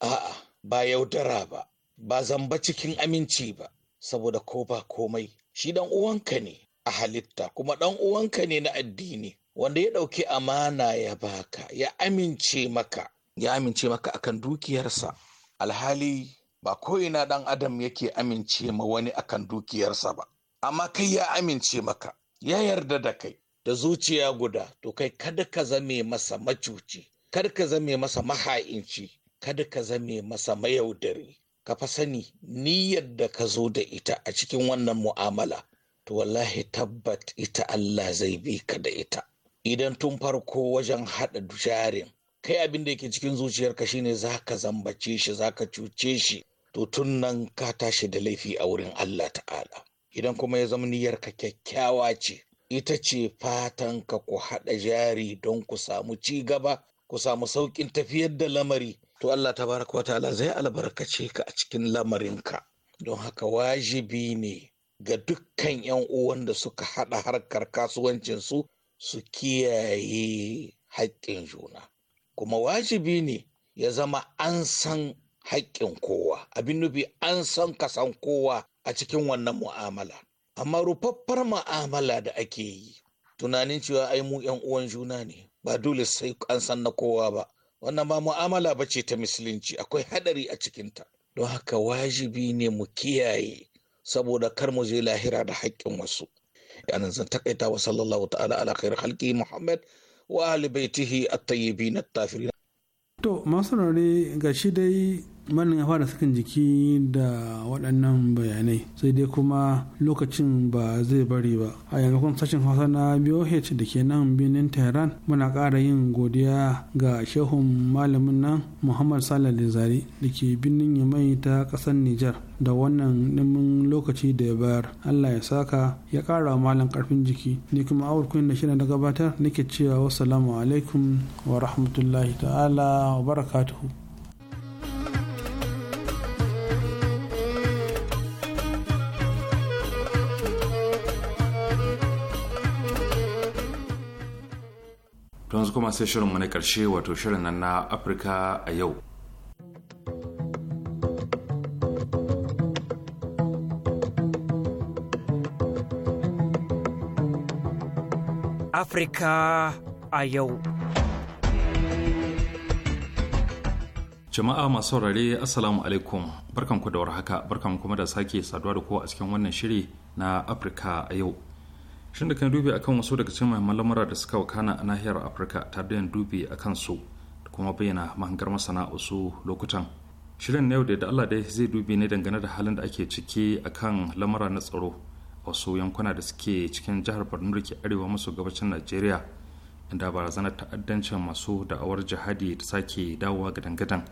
a'a ba yaudara ba, ba zamba cikin aminci ba, saboda ko ba komai, shi dan uwanka ne. a halitta kuma ɗan uwanka ne na addini wanda ya ɗauki amana ya baka ya amince maka ya amince maka akan dukiyarsa alhali ba ko'ina ɗan adam yake amince ma wani akan dukiyarsa ba amma kai ya amince maka ya yarda da kai da zuciya guda to kai kada ka zame masa macuci kada ka zame masa maha'inci kada ka zame masa mayaudari ka fa sani niyyar da ka zo da ita a cikin wannan mu'amala to wallahi tabbat ita Allah zai bi ka da ita idan tun farko wajen haɗa jarin kai abin da yake cikin zuciyarka shine zaka zambace shi za ka cuce shi to tun nan ka tashi da laifi a wurin Allah ta'ala idan kuma ya zama niyyarka kyakkyawa ce ita ce fatan ka ku haɗa jari don ku samu ci gaba ku samu sauƙin tafiyar da lamari to Allah tabaraka wa ta'ala zai albarkace ka a cikin lamarinka don haka wajibi ne ga dukkan 'yan uwan da suka haɗa harkar kasuwancinsu su kiyaye haƙƙin juna kuma wajibi ne ya zama an san haƙƙin kowa abin nufi an san kasan kowa a cikin wannan mu'amala amma rufaffar mu'amala da ake yi tunanin cewa ai mu 'yan uwan juna ne ba dole sai an san na kowa ba wannan ba mu'amala ba ce ta musulunci akwai haɗari a cikinta don haka wajibi ne mu kiyaye saboda kar mu je lahira da haƙƙin wasu yanan zan takaita wa sallallahu ta'ala ala khair halki muhammad wa ahli baitihi at-tayyibin at-tafirin to masu ga shi dai manin ya fara sakin jiki da waɗannan bayanai sai dai kuma lokacin ba zai bari ba a yanzu sashen hausa na boh da ke nan binin tehran muna ƙara yin godiya ga shehun malamin nan muhammad salah zari da ke birnin yamai ta ƙasar nijar da wannan ɗimin lokaci da ya bayar allah ya saka ya ƙara malam ƙarfin jiki ni kuma awurkun da shirin da gabatar nake cewa wasu alaikum wa rahmatullahi ta'ala wa barakatuhu kuma sai shirinmu na ƙarshe wato shirin nan na Afirka a yau. Afirka a yau. Jama'a masu saurare Assalamu alaikum barkanku da warhaka barkanku kuma da sake saduwa da kowa a cikin wannan shiri na Afirka a yau. shin da kan dubi akan wasu daga cikin mahimman lamura da suka wakana a nahiyar afirka tare da yin dubi a kan su da kuma bayyana mahangar masana wasu lokutan shirin na yau da allah dai zai dubi ne dangane da halin da ake ciki a kan lamura na tsaro a wasu yankuna da suke cikin jihar borno da ke arewa maso gabacin najeriya inda barazanar ta'addancin masu da'awar jihadi ta sake dawowa gadan-gadan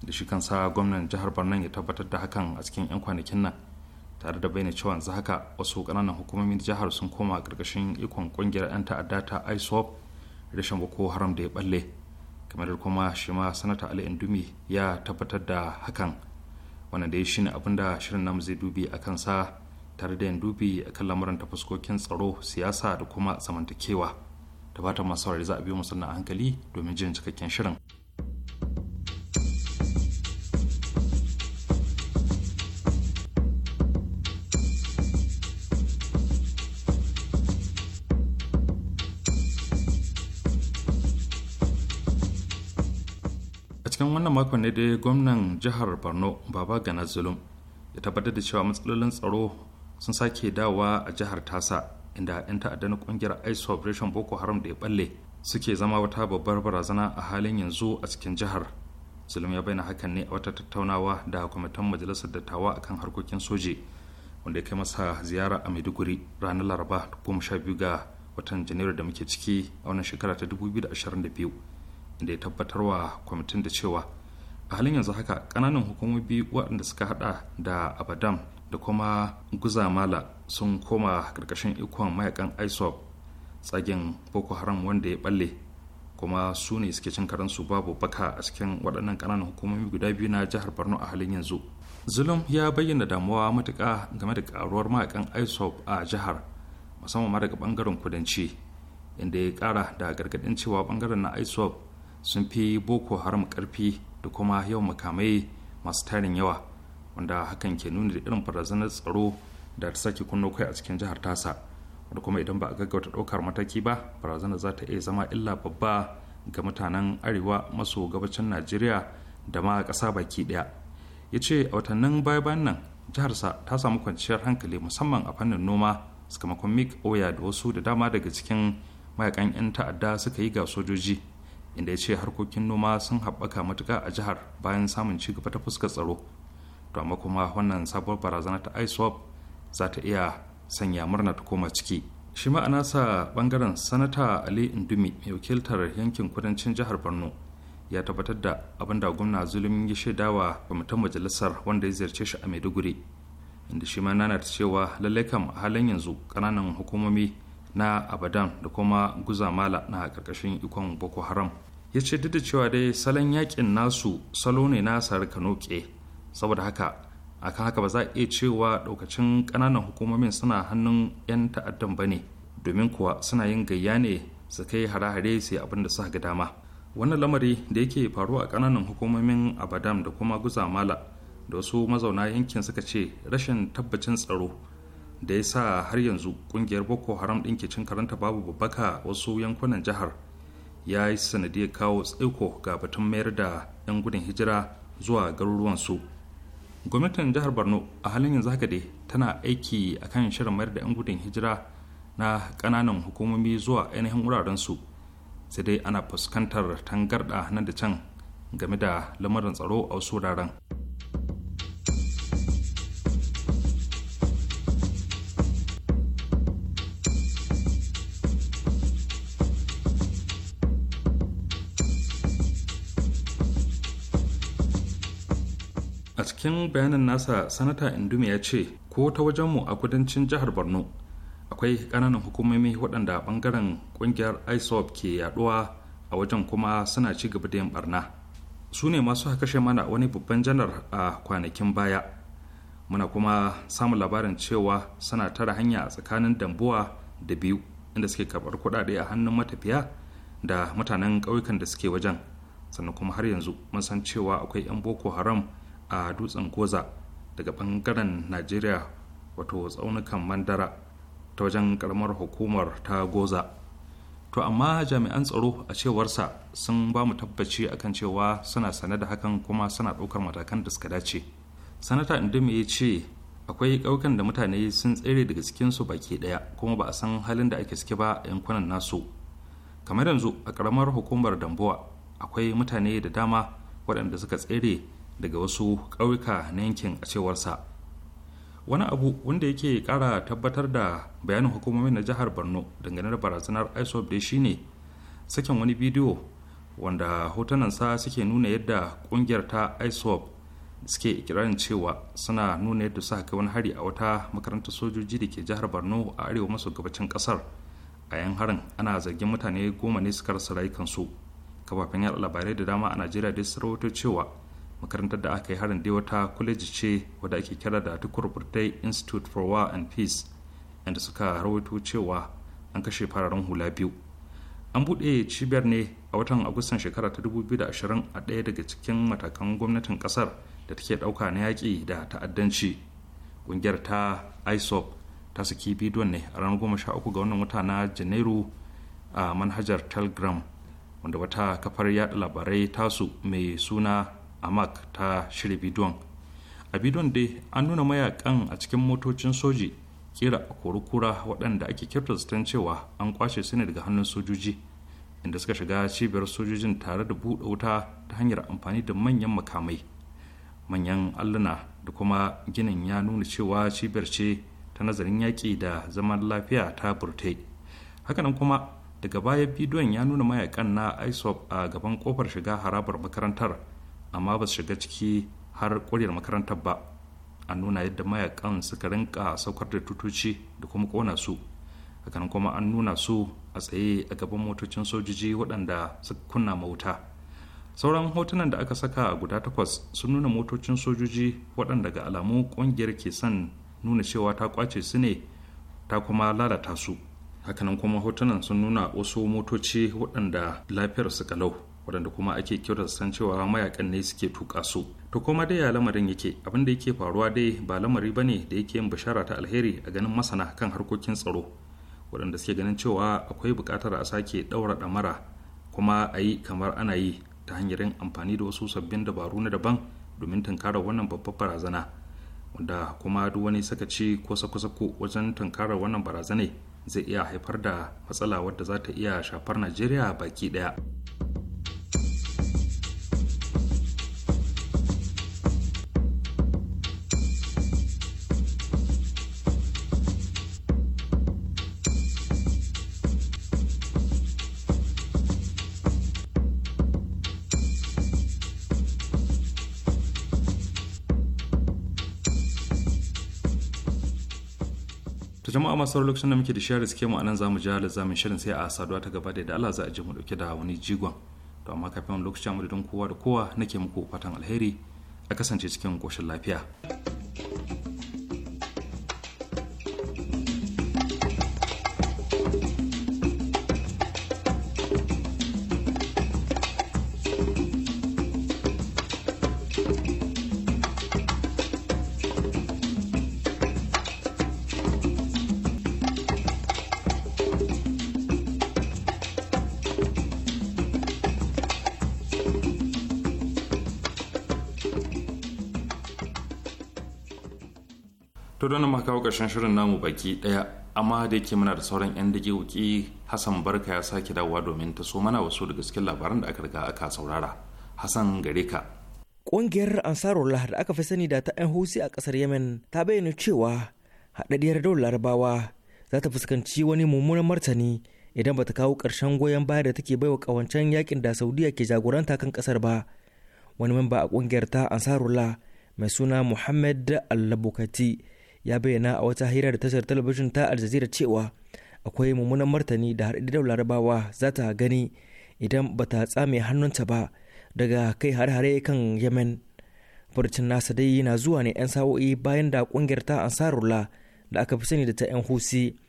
da shi kan sa gwamnan jihar borno ya tabbatar da hakan a cikin 'yan kwanakin nan tare da bayyana cewa yanzu haka wasu kananan hukumomin jihar sun koma ƙarƙashin ikon ƙungiyar 'yan ta'adda ta iswap rashin boko haram da ya balle kamar kuma shi ma sanata ali indumi ya tabbatar da hakan wannan da ya shine abin da shirin namu zai dubi a kansa tare da yin dubi a kan lamuran ta fuskokin tsaro siyasa da kuma zamantakewa da fatan masu za a biyo musamman a hankali domin jin cikakken shirin. cikin wannan makon ne dai gwamnan jihar borno baba gana zulum ya tabbatar da cewa matsalolin tsaro sun sake dawowa a jihar tasa inda 'yan ta'adda na kungiyar ice operation boko haram da ya balle suke zama wata babbar barazana a halin yanzu a cikin jihar zulum ya bayyana hakan ne a wata tattaunawa da kwamitin majalisar dattawa akan harkokin soji wanda ya kai masa ziyara a maiduguri ranar laraba 12 ga watan janairu da muke ciki a wannan shekara ta 2022 da ya tabbatar wa kwamitin da cewa a halin yanzu haka ƙananan hukumomi waɗanda suka hada da abadam da kuma guzamala sun koma ƙarƙashin ikon mayakan isop tsagen boko haram wanda ya balle kuma su ne suke cin karansu babu baka a cikin waɗannan ƙananan hukumomi guda biyu na jihar borno a halin yanzu zulum ya bayyana damuwa matuka game da ƙaruwar mayakan isop a jihar musamman ma daga ɓangaren kudanci inda ya ƙara da gargaɗin cewa ɓangaren na isop sun fi boko haram karfi da kuma yawan makamai masu tarin yawa wanda hakan ke nuna da irin barazanar tsaro da ta sake kunno kai a cikin jihar tasa wanda kuma idan ba a gaggauta ɗaukar mataki ba barazanar za ta iya zama illa babba ga mutanen arewa maso gabacin najeriya da ma ƙasa baki ɗaya ya ce a watannin baya-bayan nan jiharsa ta samu kwanciyar hankali musamman a fannin noma sakamakon mik oya da wasu da dama daga cikin mayakan 'yan ta'adda suka yi ga sojoji inda ya ce harkokin noma sun haɓaka matuka a jihar bayan samun ci gaba ta fuskar tsaro to amma kuma wannan sabuwar barazana ta iswap za ta iya sanya murna ta koma ciki shi ma sa nasa bangaren sanata ali indumi mai wakiltar yankin kudancin jihar borno ya tabbatar da abin da gwamna zulumin ya shaidawa kwamitin majalisar wanda ya ziyarce shi a maiduguri inda shi ma nana ta cewa lallai kam a halin yanzu ƙananan hukumomi na abadan da kuma guzamala na ƙarƙashin ikon boko haram ya ce duk da cewa dai salon yakin nasu salo ne na sarka noke saboda haka akan haka ba za a iya cewa ɗaukacin ƙananan hukumomin suna hannun 'yan ta'addan ba ne domin kuwa suna yin gayya ne su kai hare-hare sai abin da suka ga dama wannan lamari da yake faruwa a ƙananan hukumomin abadam da kuma guzamala da wasu mazauna yankin suka ce rashin tabbacin tsaro da ya sa har yanzu kungiyar boko haram din ke cin karanta babu babbaka wasu yankunan jihar ya yi sanadiyar kawo tsaiko ga batun mayar da 'yan gudun hijira zuwa garuruwansu gwamnatin jihar borno a halin yanzu haka dai tana aiki a kan shirin mayar da 'yan gudun hijira na kananan hukumomi zuwa ainihin wurarensu sai dai ana fuskantar tangarɗa nan da can game da lamarin tsaro a wasu wuraren. cikin bayanin nasa sanata indumi ya ce ko ta wajenmu a kudancin jihar borno akwai ƙananan hukumomi waɗanda ɓangaren ƙungiyar isop ke yaɗuwa a wajen kuma suna ci gaba da yin barna su ne masu kashe mana wani babban janar a kwanakin baya muna kuma samun labarin cewa suna tara hanya a tsakanin dambuwa da biyu inda suke karɓar kuɗaɗe a hannun matafiya da mutanen ƙauyukan da suke wajen sannan kuma har yanzu mun san cewa akwai 'yan boko haram a dutsen goza daga bangaren najeriya wato tsaunukan mandara ta wajen karamar hukumar ta goza to amma jami'an tsaro a cewarsa sun ba mu tabbaci akan cewa suna sane da hakan kuma suna ɗaukar matakan da suka dace sanata indima ya ce akwai ƙaukan da mutane sun tsere daga cikinsu baki ɗaya kuma ba a san halin da ake suke ba a yankunan nasu kamar yanzu a karamar hukumar dambuwa akwai mutane da dama waɗanda suka tsere daga wasu ƙauyuka na yankin a cewarsa wani abu wanda yake kara tabbatar da bayanin hukumomi na jihar borno dangane da barazanar isop da shine sakin wani bidiyo wanda sa suke nuna yadda ƙungiyar ta isop suke ikirarin cewa suna nuna yadda suka kai wani hari a wata makarantar sojoji da ke jihar borno a arewa maso gabacin ƙasar a yan harin ana zargin mutane goma ne suka rasa rayukansu kafafen yaɗa labarai da dama a najeriya dai su rawaito cewa makarantar da aka yi harin dai wata kwaleji ce wadda ake kira da tukurburtai rubutai institute for war and peace inda suka rawaito cewa an kashe fararen hula biyu an buɗe cibiyar ne a watan agustan shekara ta 2020 a ɗaya daga cikin matakan gwamnatin ƙasar da take ɗauka na yaƙi da ta'addanci ƙungiyar ta isop ta saki bidiyon ne a ranar 13 ga wannan wata na janairu a manhajar telegram wanda wata kafar yaɗa labarai tasu mai suna amak ta shirya bidiyon a bidiyon dai an nuna mayakan a cikin motocin soji kera kura waɗanda ake kirtastan cewa an kwashe su ne daga hannun sojoji inda suka shiga cibiyar sojojin tare da buɗe wuta ta hanyar amfani da manyan makamai manyan alluna da kuma ginin ya nuna cewa cibiyar ce ta nazarin yaƙi da zaman lafiya ta burte hakanan kuma daga baya bidiyon ya nuna mayakan na isop a gaban kofar shiga harabar makarantar amma ba su shiga ciki har ƙwariyar makarantar ba a nuna yadda mayakan suka rinka saukar da tutoci da kuma ƙona su hakan kuma an nuna su a tsaye a gaban motocin sojoji waɗanda suka kunna mauta sauran hotunan da aka saka guda takwas sun nuna motocin sojoji waɗanda ga alamu ƙungiyar ke son nuna cewa ta kwace su ne ta kuma lalata su hakanan kuma hotunan sun nuna wasu motoci waɗanda lafiyar su kalau wadanda kuma ake kira san cewa mayakan ne suke tuka su to kuma dai ya lamarin yake abin da yake faruwa dai ba lamari ba ne da yake yin bishara ta alheri a ganin masana kan harkokin tsaro waɗanda suke ganin cewa akwai buƙatar a sake ɗaura ɗamara kuma a yi kamar ana yi ta hanyar amfani da wasu sabbin dabaru na daban domin tunkarar wannan babbar barazana wanda kuma duk wani sakaci ko sako-sako wajen tunkarar wannan barazane zai iya haifar da matsala wadda za ta iya shafar najeriya baki ɗaya. jama'a masu sauran lokacin da muke da shi suke mu anan zamu ja zamin shirin sai a saduwa ta gaba da yadda Allah za a ji mu dauke da wani jigon to amma kafin lokacin mu da kowa da kowa nake muku fatan alheri a kasance cikin koshin lafiya. to don mu kawo ƙarshen shirin namu baki ɗaya amma da yake muna da sauran 'yan daƙiƙoƙi hassan barka ya sake dawowa domin ta so mana wasu da cikin labaran da aka riga aka saurara hassan gare ka ƙungiyar ansarullah da aka fi sani da ta 'yan husi a ƙasar yemen ta bayyana cewa haɗaɗɗiyar daular larabawa za ta fuskanci wani mummunan martani idan bata kawo ƙarshen goyon baya da take baiwa ƙawancen yakin da saudiya ke jagoranta kan ƙasar ba wani mamba a ƙungiyar ta ansarullah mai suna muhammad al ya bayyana a wata hira da tashar talabijin ta aljazira cewa akwai mummunan martani da har haɗaɗɗiyar larabawa za ta gani idan ba ta tsame hannunta ba daga kai har-hare kan yemen furcin nasa dai na zuwa ne 'yan sa'o'i bayan da kungiyar ta ansarullah da aka fi sani da ta 'yan husi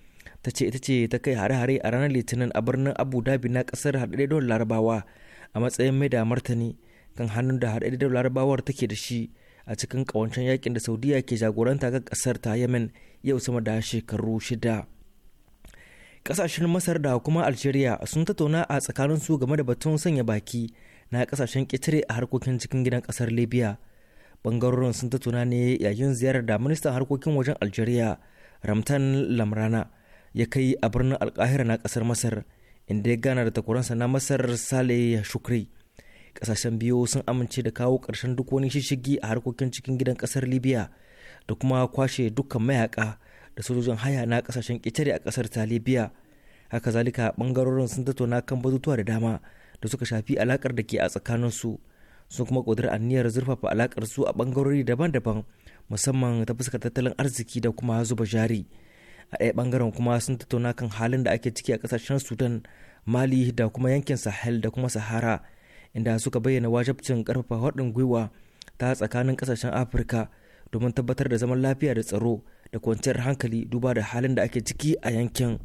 ta ce ita ce ta kai hare-hare a ranar litinin a birnin abu dhabi na kasar haɗaɗɗiyar larabawa a matsayin mai da martani kan hannun da haɗaɗɗiyar larabawar take da shi a cikin kawancen yakin da saudiya ke jagoranta ga kasar ta yemen yau sama da shekaru shida kasashen masar da kuma algeria sun tattauna a tsakanin su game da batun sanya baki na kasashen ƙetare a harkokin cikin gidan kasar libya bangarorin sun tattauna ne yayin ziyarar da ministan harkokin wajen algeria ramtan lamrana ya kai a birnin alkahira na kasar masar inda ya gana da takwaransa na masar sale shukri kasashen biyu sun amince da kawo ƙarshen duk wani shishigi a harkokin cikin gidan ƙasar libya da kuma kwashe dukkan mayaka da sojojin haya na kasashen ƙetare a kasar ta libya haka zalika ɓangarorin sun tattauna kan batutuwa da dama da suka shafi alaƙar da ke a tsakaninsu sun kuma ƙudiri aniyar zurfafa alaƙar su a ɓangarori daban-daban musamman ta fuskar tattalin arziki da kuma zuba jari a ɗaya ɓangaren kuma sun tattauna kan halin da ake ciki a ƙasashen sudan mali da kuma yankin sahel da kuma sahara inda suka bayyana wajabcin karfafa haɗin gwiwa ta tsakanin kasashen afirka domin tabbatar da zaman lafiya da tsaro da kwanciyar hankali duba da halin da ake ciki a yankin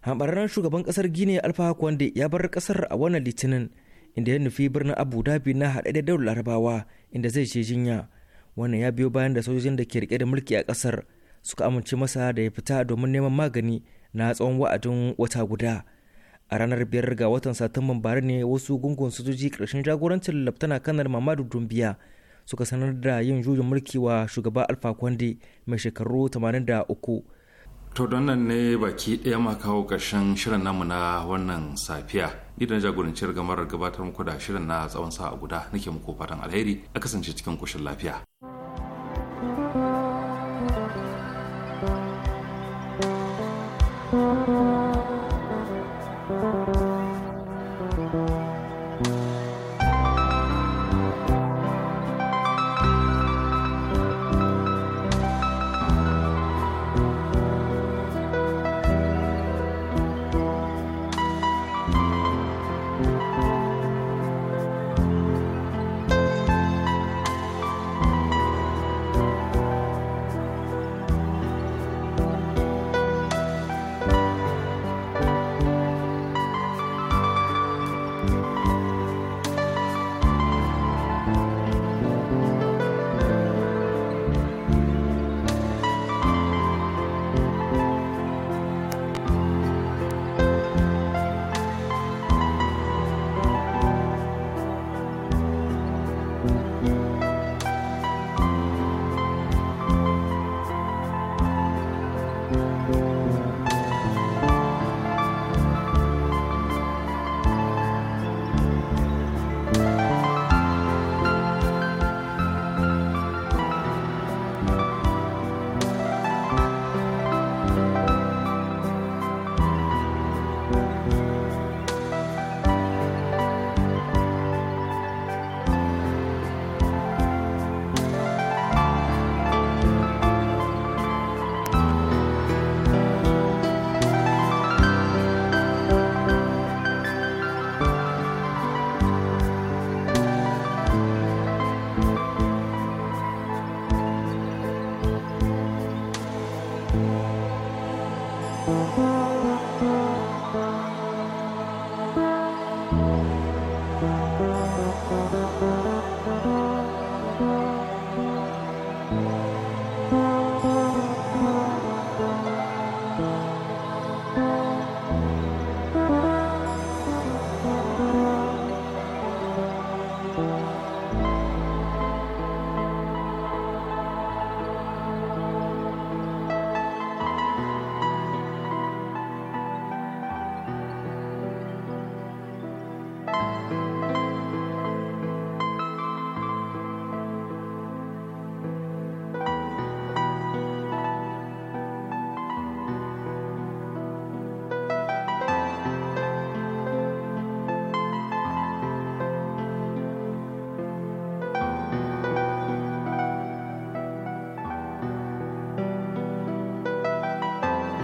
hambararren shugaban ƙasar gine alfa kwande ya bar ƙasar a wannan litinin inda ya nufi birnin abu dhabi na haɗaɗɗen daular larabawa inda zai je jinya wannan ya biyo bayan da sojojin da ke rike da mulki a ƙasar suka amince masa da ya fita domin neman magani na tsawon wa'adin wata guda a ranar biyar ga watan satumban bara ne wasu gungun sojoji ƙarshen jagorancin laftana kanar mamadu dumbiya suka sanar da yin juyin mulki wa shugaba alfa kwande mai shekaru 83 to don nan ne baki ɗaya ma kawo ƙarshen shirin namu na wannan safiya da jagoranci gamar gabatar muku da shirin na tsawon sa'a guda nake muku fatan alheri a kasance cikin ƙoshin lafiya.